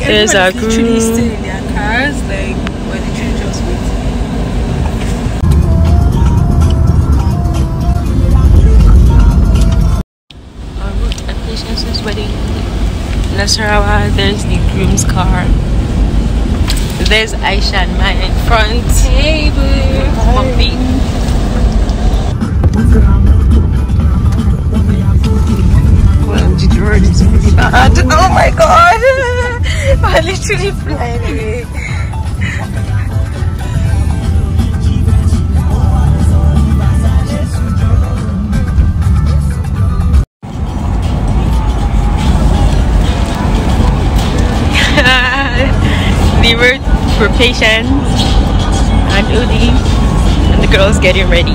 Like everyone is literally still in their cars. Like we're literally just waiting. wedding Nasarawa there's the groom's car there's Aisha and Maya in front hey boo oh my god actually planning we for patience I'm Udi and the girls getting ready.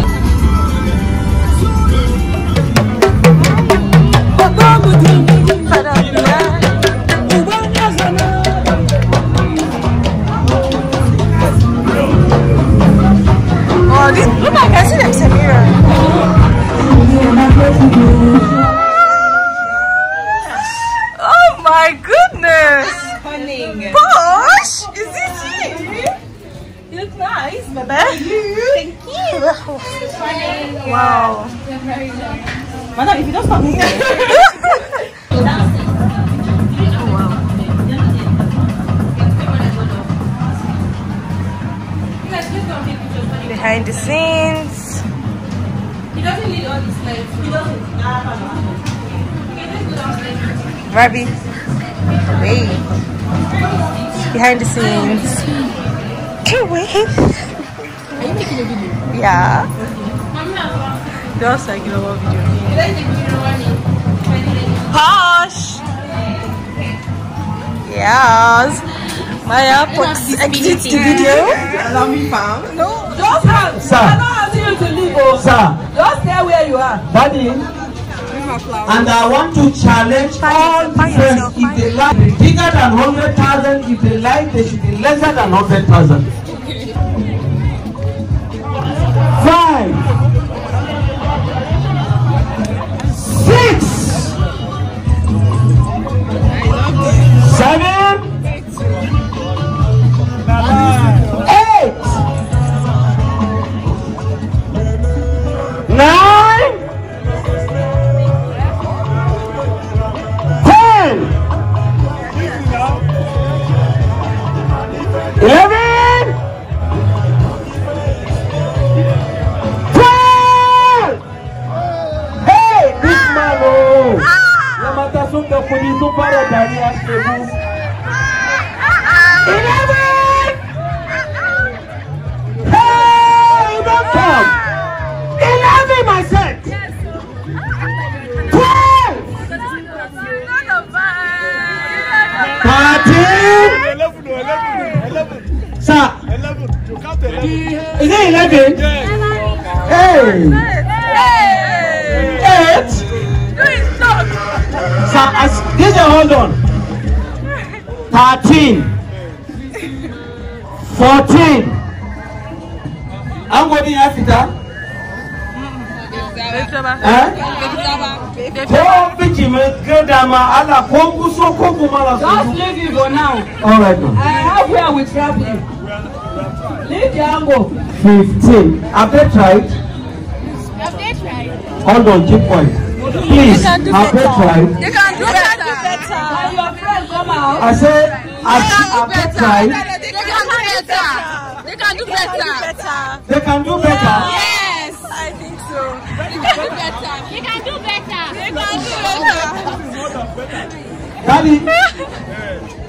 behind the scenes. He doesn't need all these lights. He doesn't. Nah, Robbie, wait. Behind the scenes. Can't wait. Are you making a video? Yeah. Okay. like, you know what video? Hush! Yes. Maya, exit the video. Allow me, fam. No, just have. Sir. I'm not asking you to leave, oh. Sir. Just stay where you are. Daddy. And I want to challenge all friends if they like bigger than 100,000, if they like, they should be lesser than 100,000. Okay. Five. Seven. me myself. Twelve. Is it eleven? Yes. Eight. Eight. Sir, as this is hold on. Thirteen. Fourteen. I'm going to Africa. Eh? ko biji mi gada ma ala ko kuso ko kuma la sunsun. just leave you for now. all right ma. how far we traveling. leave the angle. fifteen have they tried. have they tried. hold on keep quiet. please have they tried. they can do better. can your friend come out. i say have they tried. they can do better. they can do better. they can do better. Yeah. You can do better. You can do better. You can do better. Daddy.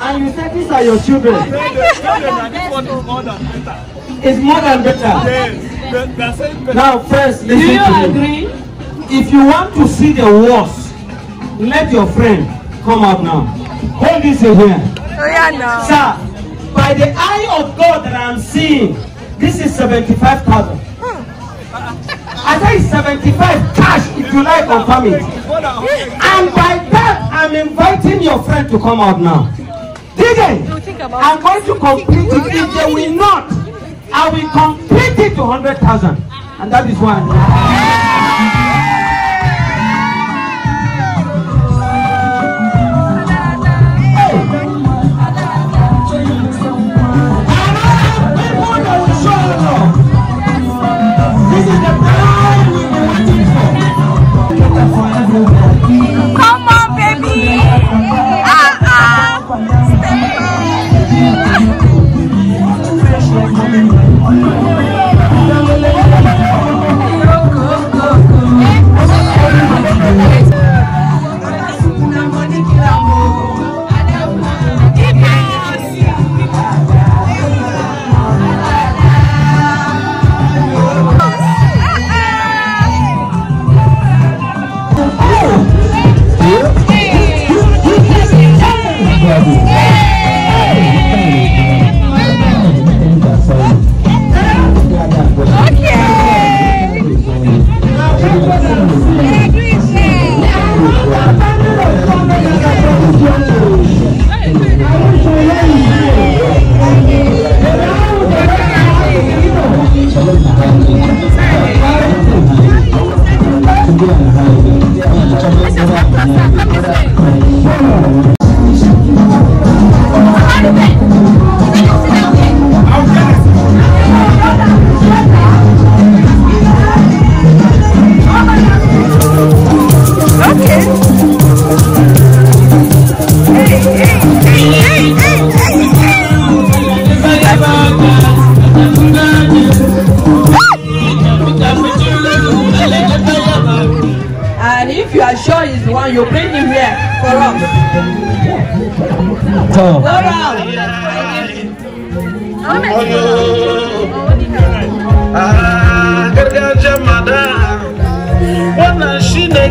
And you said these are your children. It's more than better. Now, first, listen to me. do you agree? If you want to see the worst, let your friend come out now. Hold this in here. Oh, yeah, no. Sir, by the eye of God that I'm seeing, this is 75,000. I say 75 cash if you like confirm it. And by that, I'm inviting your friend to come out now. DJ, I'm going to complete it. If they will not, I will complete it to 100,000. And that is why.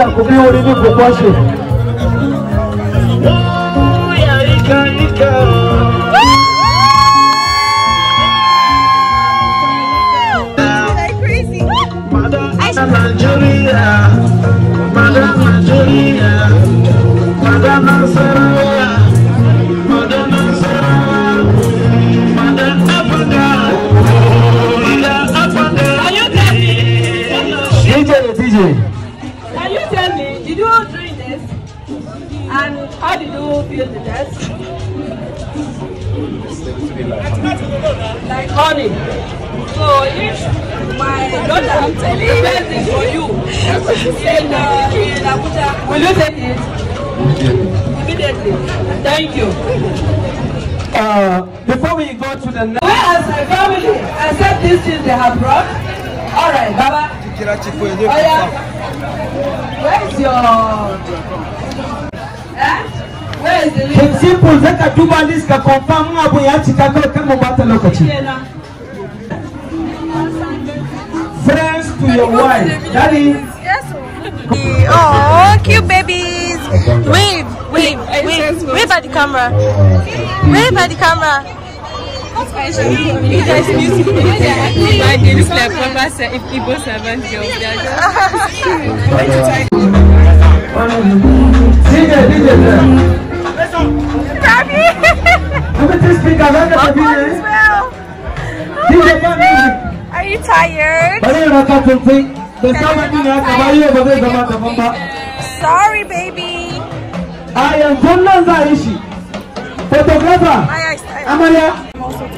da ku biyo wuri ku kwashe like honey. So if my daughter I'm telling you this for you in, uh, in Abuja, will you take it? Immediately. Thank you. Uh, before we go to the next. Where is my family I said this is they have brought? All right, Baba. Oya, oh, where is your? in simple duba list ka confirm abu ya cika kawai kan mu bata lokaci friends to your wife daddy Oh, cute babies! Wave, wave, wave, wave by the camera. Wave by the camera. You guys beautiful. My they look like proper if Igbo servant girls. They are just. DJ, DJ, Robbie! Look at this big Alaga Are you tired? Sorry, baby. I am Jonathan Zaishi, photographer. Amalia,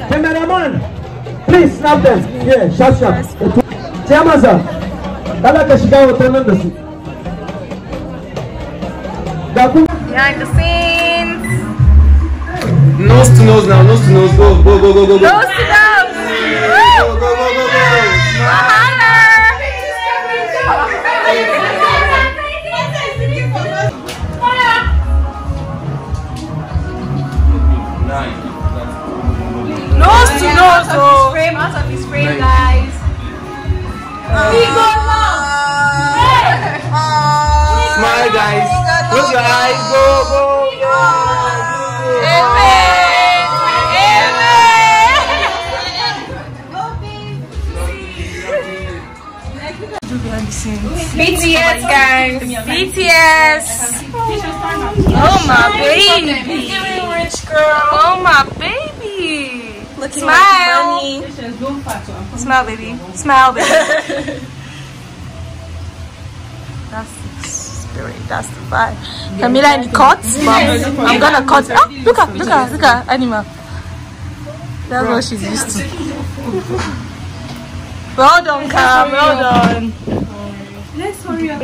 cameraman, please snap them. Yeah, shot, shot. Chairman, sir. Kala ka shiga hoton Behind the scenes. Nose to nose now, nose to nose. Go, go, go, go, go. go. Nose to nose. Go, go, go, go, go. Mahalo. guys. BTS. Oh my baby. rich girl. Oh my baby. Looking Smile. Like Smile, baby. Smile, baby. That's the spirit. That's the vibe. Camila any cuts, I'm gonna cut. Oh, look at, look at, look at Animal. That's what she's used to. well done, Cam. Well done. Let's hurry up.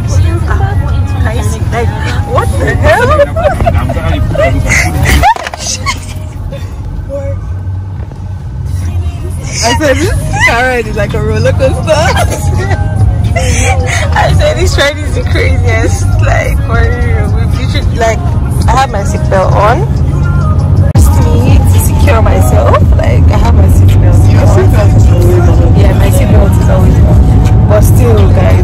is like a roller coaster. I said this ride is the craziest. Like for we should. like I have my seatbelt on. Just me to secure myself. Like I have my seatbelt. on. yeah, my seatbelt is always on. But still guys